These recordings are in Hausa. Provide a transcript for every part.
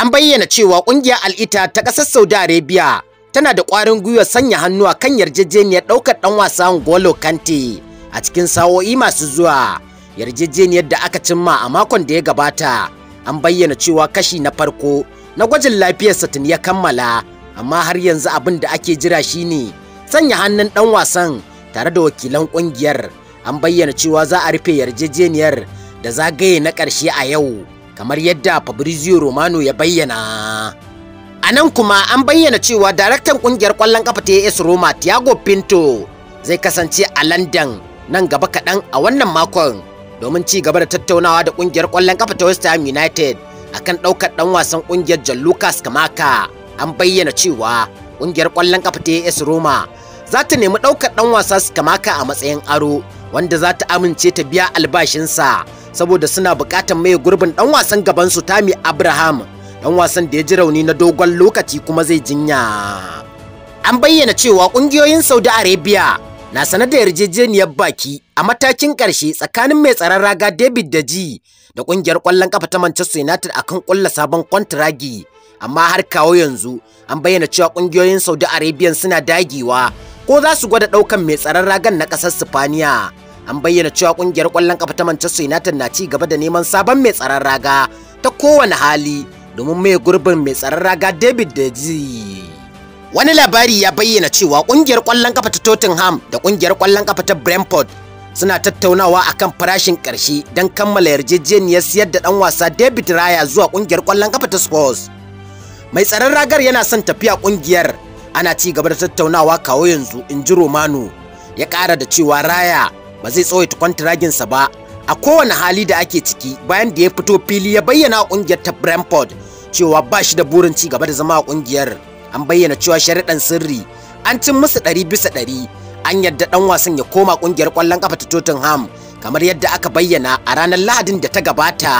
an bayyana cewa ƙungiyar al'ita ta ƙasar saudi arabia tana da ƙwarin gwiwa sanya hannu a kan yarjejeniyar ɗaukar ɗan wasa Ngolo Kante a cikin sa'o'i masu zuwa. Yarjejeniyar da aka cimma a makon da ya gabata an bayyana cewa kashi na farko na gwajin lafiyarsa tun ya kammala amma har yanzu abin da ake jira shine sanya hannun ɗan wasan tare da wakilan ƙungiyar an bayyana cewa za a rufe yarjejeniyar da zagaye na ƙarshe a yau. kamar yadda Fabrizio Romano ya bayyana. A nan kuma an bayyana cewa daraktan kungiyar ƙwallon ƙafa ta AS Roma Thiago Pinto zai kasance a London nan gaba kaɗan a wannan makon domin ci gaba da tattaunawa da kungiyar ƙwallon ƙafa ta West Ham United akan ɗaukar ɗan wasan kungiyar John Lucas Kamaka. An bayyana cewa kungiyar ƙwallon ƙafa ta AS Roma za ta nemi ɗaukar ɗan wasa su kamaka a matsayin aro wanda za ta amince ta biya albashinsa saboda suna buƙatar mai gurbin ɗan wasan gaban su Tami Abraham ɗan wasan da ya ji rauni na dogon lokaci kuma zai jinya. An bayyana cewa ƙungiyoyin Saudi Arabia na sanar da yarjejeniyar baki a matakin ƙarshe tsakanin mai tsaron raga David da ji da ƙungiyar ƙwallon ƙafa ta Manchester United akan ƙulla sabon kwantiragi amma har kawo yanzu an bayyana cewa ƙungiyoyin Saudi Arabia suna dagewa ko za su gwada ɗaukar mai tsaron ragan na ƙasar Sifaniya. An bayyana cewa ƙungiyar kwallon ƙafa ta Manchester United na ci gaba da neman sabon mai tsaron raga ta kowane hali domin mai gurbin mai tsaron raga David De Gea. Wani labari ya bayyana cewa ƙungiyar kwallon kafa ta Tottenham da ƙungiyar kwallon kafa ta Brentford suna tattaunawa akan farashin ƙarshe don kammala yarjejeniyar siyar da ɗan wasa David Raya zuwa ƙungiyar kwallon kafa ta Spurs. Mai tsaron ragar yana son tafiya ƙungiyar ana ci gaba da tattaunawa kawo yanzu in ji romano ya ƙara da cewa raya ba zai tsawaita kwantiraginsa ba a kowane hali da ake ciki bayan da ya fito fili ya bayyana ƙungiyar ta brentford cewa ba shi da burin ci gaba da zama a ƙungiyar an bayyana cewa sharaɗan sirri an cin musu ɗari bisa ɗari an yarda ɗan wasan ya koma ƙungiyar ƙwallon ƙafa ta tottenham kamar yadda aka bayyana a ranar lahadin da ta gabata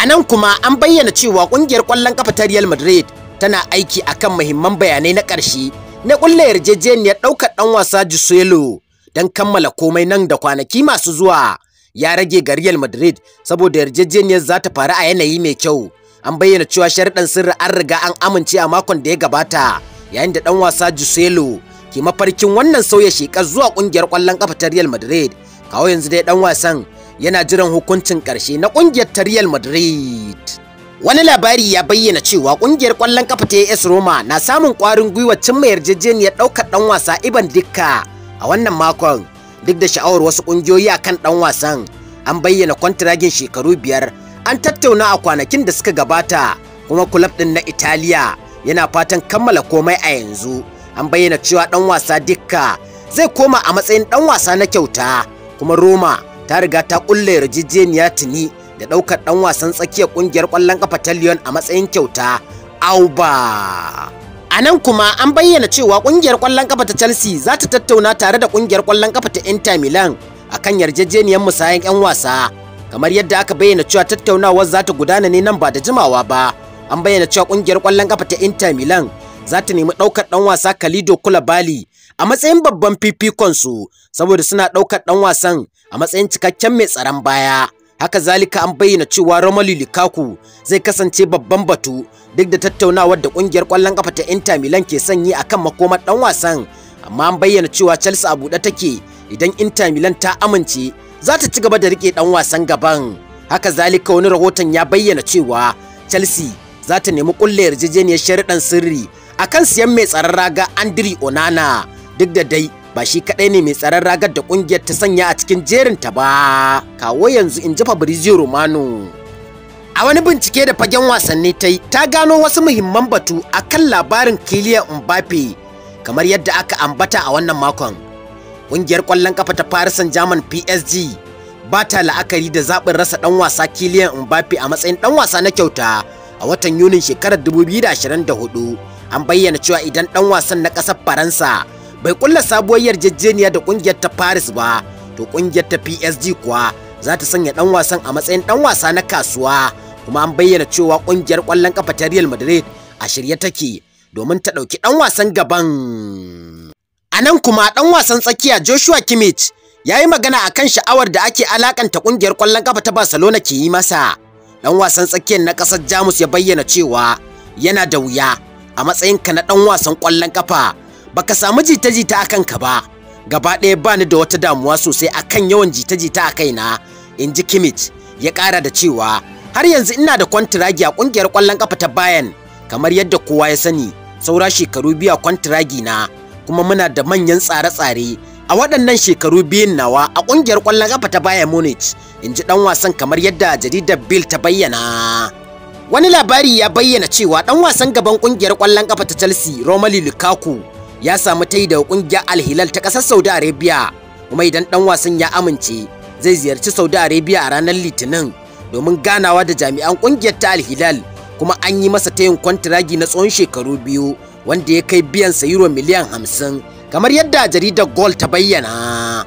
a nan kuma an bayyana cewa ƙungiyar ƙwallon ƙafa ta real madrid tana aiki akan mahimman bayanai na ƙarshe na ƙulla yarjejeniyar ɗaukar ɗan wasa Juselo don kammala komai nan da kwanaki masu zuwa. Ya rage ga Real Madrid saboda yarjejeniyar za ta faru a yanayi mai kyau. An bayyana cewa sharɗan sirri an riga an amince a makon da ya gabata yayin da ɗan wasa Juselo ke mafarkin wannan sauya shekar zuwa ƙungiyar ƙwallon ƙafa ta Real Madrid. Kawo yanzu dai ɗan wasan yana jiran hukuncin ƙarshe na ƙungiyar ta Real Madrid. Wani labari ya bayyana cewa kungiyar kwallon kafa ta AS Roma na samun kwarin gwiwa cimma yarjejeniyar daukar ɗan wasa Iban Dikka a wannan makon duk da sha'awar wasu kungiyoyi kan ɗan wasan an bayyana kwantiragin shekaru biyar an tattauna a kwanakin da suka gabata kuma kulab ɗin na Italiya yana fatan kammala komai a yanzu an bayyana cewa ɗan wasa Dikka zai koma a matsayin ɗan wasa na kyauta kuma Roma ta riga ta kulle yarjejeniya tuni da ɗaukar ɗan wasan tsakiyar ƙungiyar ƙwallon ƙafa ta Lyon a matsayin kyauta Auba. A nan kuma an bayyana cewa ƙungiyar ƙwallon ƙafa ta Chelsea za ta tattauna tare da ƙungiyar ƙwallon ƙafa ta Inter Milan akan yarjejeniyar musayan 'yan wasa kamar yadda aka bayyana cewa tattaunawar za ta gudana ne nan ba da jimawa ba an bayyana cewa ƙungiyar ƙwallon ƙafa ta Inter Milan za ta nemi ɗaukar ɗan wasa Kalido Kulabali a matsayin babban fifikon su saboda suna ɗaukar ɗan wasan a matsayin cikakken mai tsaron baya haka zalika an bayyana cewa Romelu Lukaku zai kasance babban batu duk da tattaunawar da kungiyar kwallon kafa ta Inter Milan ke sanyi akan makomar dan wasan amma an bayyana cewa Chelsea a buɗe take idan Inter Milan ta amince za ta ci gaba da rike dan wasan gaban haka zalika wani rahoton ya bayyana cewa Chelsea za ta nemi kulle yarjejeniyar shariɗan sirri akan siyan mai tsaron raga Andri Onana duk da dai ba shi kaɗai ne mai tsaron ragar da ƙungiyar ta sanya a cikin jerin ta ba kawo yanzu in ji fabrizio romano a wani bincike da fagen wasanni ta yi ta gano wasu muhimman batu akan labarin Kiliyan mbappe kamar yadda aka ambata a wannan makon ƙungiyar ƙwallon kafa ta farisan german psg ba ta la'akari da zaɓin rasa ɗan wasa kiliyan mbappe a matsayin ɗan wasa na kyauta a watan yunin shekarar 2024 an bayyana cewa idan ɗan wasan na ƙasar faransa bai kulla sabuwar yarjejeniya da kungiyar ta Paris ba to kungiyar ta PSG kuwa za ta sanya dan wasan a matsayin dan wasa na kasuwa kuma an bayyana cewa kungiyar kwallon kafa ta Real Madrid a shirye take domin ta dauki dan wasan gaban a nan kuma dan wasan tsakiya Joshua Kimmich ya yi magana a kan sha'awar da ake alakanta kungiyar kwallon kafa ta Barcelona ke yi masa dan wasan tsakiyar na kasar Jamus ya bayyana cewa yana da wuya a matsayinka na dan wasan kwallon kafa baka samu jita-jita a kanka ba gaba ɗaya ba ni da wata damuwa sosai a kan yawan jita-jita a kaina in ji kimit ya ƙara da cewa har yanzu ina da kwantiragi a ƙungiyar ƙwallon ƙafa ta bayan kamar yadda kowa ya sani saura shekaru biyu a kwantiragi na kuma muna da manyan tsare-tsare a waɗannan shekaru biyun nawa a ƙungiyar ƙwallon ƙafa ta Bayern Munich in ji ɗan wasan kamar yadda jaridar Bill ta bayyana. Wani labari ya bayyana cewa ɗan wasan gaban ƙungiyar ƙwallon ƙafa ta Chelsea Romelu Lukaku ya samu tai da kungiyar hilal ta kasar saudi arabia kuma idan dan wasan ya amince zai ziyarci saudi arabia a ranar litinin domin ganawa da jami'an kungiyar ta alhilal kuma an yi masa tayin kwantiragi na tsawon shekaru biyu wanda ya kai biyan sa euro miliyan hamsin kamar yadda jaridar gold ta bayyana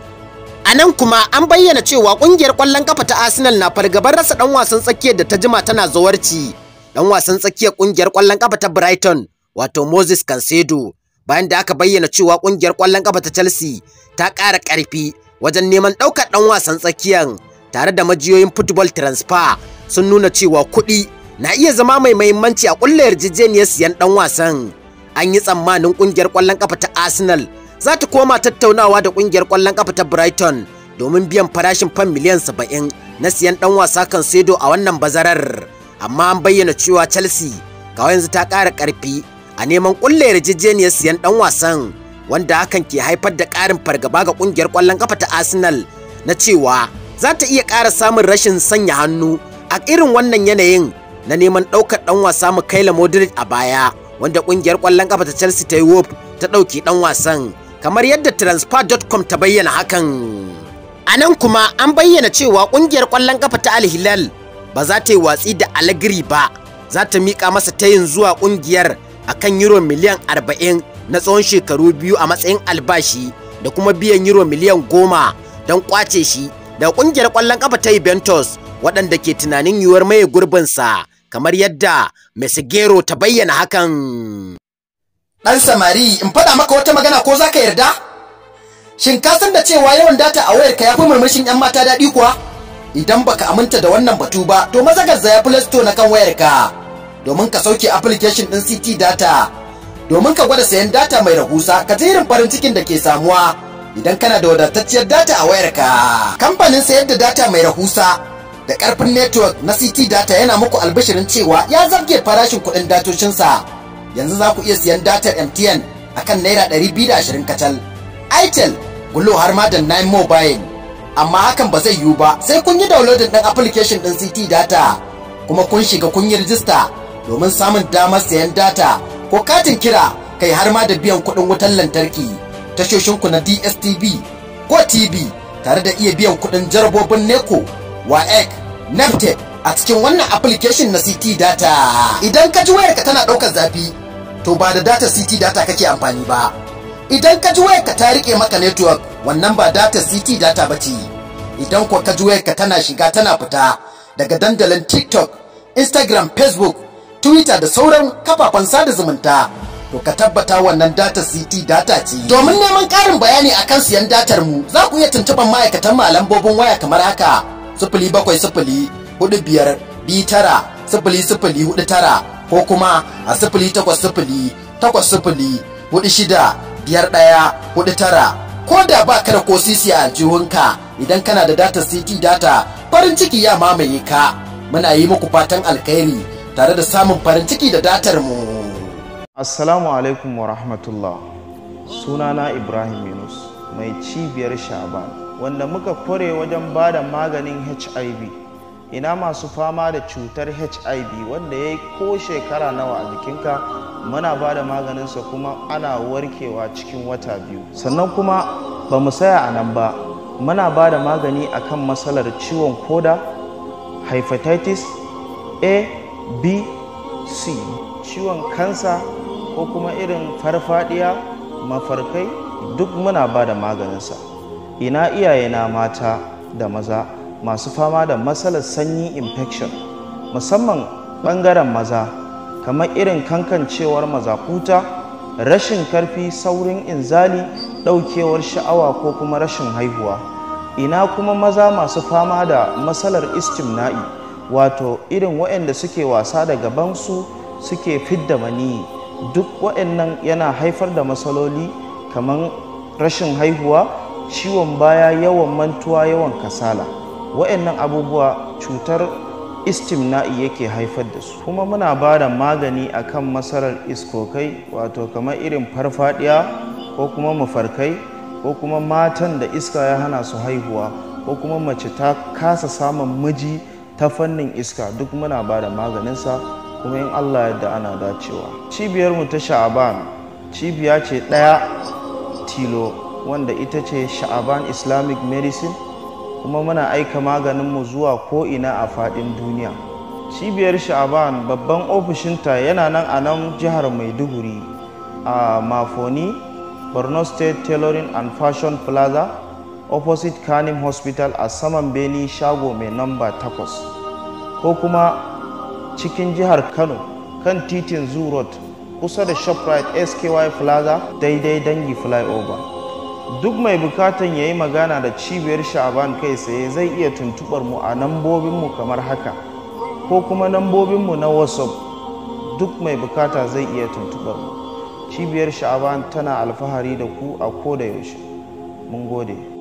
a nan kuma an bayyana cewa kungiyar kwallon kafa ta arsenal na fargabar rasa dan wasan tsakiyar da ta jima tana zawarci dan wasan tsakiyar kungiyar kwallon kafa ta brighton wato moses cancedo bayan da aka bayyana cewa kungiyar ƙwallon kafa ta Chelsea ta ƙara ƙarfi wajen neman ɗaukar ɗan wasan tsakiyan tare da majiyoyin football transfer sun nuna cewa kuɗi na iya zama mai mahimmanci a ƙulla yarjejeniyar siyan ɗan wasan. An yi tsammanin ƙungiyar kwallon ƙafa ta Arsenal za ta koma tattaunawa da ƙungiyar kwallon ƙafa ta Brighton domin biyan farashin fan miliyan saba'in na siyan ɗan wasa kan sedo a wannan bazarar. Amma an bayyana cewa Chelsea ga yanzu ta ƙara ƙarfi a neman ƙulla yarjejeniyar siyan ɗan wasan wanda hakan ke haifar da ƙarin fargaba ga ƙungiyar kwallon kafa ta Arsenal na cewa za ta iya ƙara samun rashin sanya hannu a irin wannan yanayin na neman ɗaukar ɗan wasa Mikaela Modric a baya wanda ƙungiyar ƙwallon ƙafa ta Chelsea ta yi wop ta ɗauki ɗan wasan kamar yadda transfer.com ta bayyana hakan. A nan kuma an bayyana cewa ƙungiyar ƙwallon ƙafa ta Al Hilal ba za ta yi watsi da Allegri ba za ta miƙa masa tayin zuwa ƙungiyar akan euro miliyan arba'in na tsawon shekaru biyu a matsayin albashi da kuma biyan euro miliyan goma don kwace shi da kungiyar kwallon kafa ta Juventus waɗanda ke tunanin yiwuwar maye gurbinsa kamar yadda Mesigero ta bayyana hakan. Dan samari in faɗa maka wata magana ko zaka yarda? Shin ka san da cewa yawan data a wayarka ya fi murmushin 'yan mata daɗi kuwa? Idan baka aminta da wannan batu ba, to maza ya fi na kan wayarka. domin ka sauke application ɗin CT data domin ka gwada sayan data mai rahusa ka ji irin farin cikin da ke samuwa idan kana da wadatacciyar data a wayarka. Kamfanin sayar da data mai rahusa da karfin network na CT data yana muku albashirin cewa ya zarge farashin kuɗin datocinsa. Yanzu za ku iya siyan datar MTN akan naira 220 kacal. Itel, Gullo har ma da Nine Mobile. Amma hakan ba zai yiwu ba sai kun yi downloading ɗin application ɗin CT data kuma kun shiga kun yi rijista domin samun damar sayan data ko katin kira kai har ma da biyan kuɗin wutar lantarki ta ku na dstv ko tv tare da iya biyan kuɗin jarabobin neco waec naftec a cikin wannan application na ct data idan ka ji wayarka tana ɗaukar zafi to ba da data ct data kake amfani ba idan ka ji wayarka ta riƙe maka network wannan ba data ct data ba ce idan ko ka ji wayarka tana shiga tana fita daga dandalin tiktok instagram facebook twitter da sauran kafafen sada zumunta to ka tabbata wannan data city data ce domin neman ƙarin bayani akan siyan datar mu za ku iya tuntuɓar ma'aikatan ma lambobin waya kamar haka sifili ko kuma a sifili takwas ɗaya hudu tara ko da ba ka da ko sisi a aljihunka idan kana da data city data farin ciki ya mamaye ka muna yi muku fatan alkhairi tare da samun farin ciki da datar mu assalamu alaikum wa rahmatullah sunana ibrahim yunus mai cibiyar Shaban. wanda muka kware wajen ba da maganin hiv ina masu fama da cutar hiv wanda ya yi ko shekara nawa a jikinka muna ba da maganinsa kuma ana warkewa cikin wata biyu sannan kuma ba mu saya a nan ba muna ba da magani akan matsalar ciwon koda hepatitis a B, C, ciwon kansa ko kuma irin farfadiya mafarkai duk muna ba da maganinsa ina iyayena mata da maza masu fama da matsalar sanyi infection musamman ɓangaren maza kamar irin kankancewar mazakuta rashin karfi saurin inzali ɗaukewar sha'awa ko kuma rashin haihuwa ina kuma maza masu fama da matsalar istimna'i wato irin waɗanda suke wasa da gabansu suke fidda maniyi duk waɗannan yana haifar da matsaloli kamar rashin haihuwa ciwon baya yawan mantuwa yawan kasala waɗannan abubuwa cutar istimna'i yake haifar da su kuma muna ba da magani kan masarar iskokai wato kamar irin farfadiya ko kuma mafarkai ko kuma matan da iska ya hana su haihuwa ko kuma mace ta kasa samun miji ta fannin iska duk muna ba da maganinsa kuma in allah yadda ana dacewa Cibiyar mu ta sha'aban cibiya ce ɗaya tilo wanda ita ce sha'aban islamic medicine kuma muna aika maganin mu zuwa ko'ina a faɗin duniya cibiyar sha'aban babban ofishinta yana nan a nan jihar maiduguri a mafoni borno state tailoring and fashion plaza opposite kanim hospital a saman beni shago mai namba 8 ko kuma cikin jihar kano kan titin zoo road kusa da shoprite sky plaza daidai dangi flyover duk mai bukatan ya yi magana da cibiyar sha'aban kai tsaye zai iya tuntubar mu a nambobinmu kamar haka ko kuma nambobinmu na whatsapp duk mai bukata zai iya tuntubar mu cibiyar sha'aban tana alfahari da ku a koda yaushe mun gode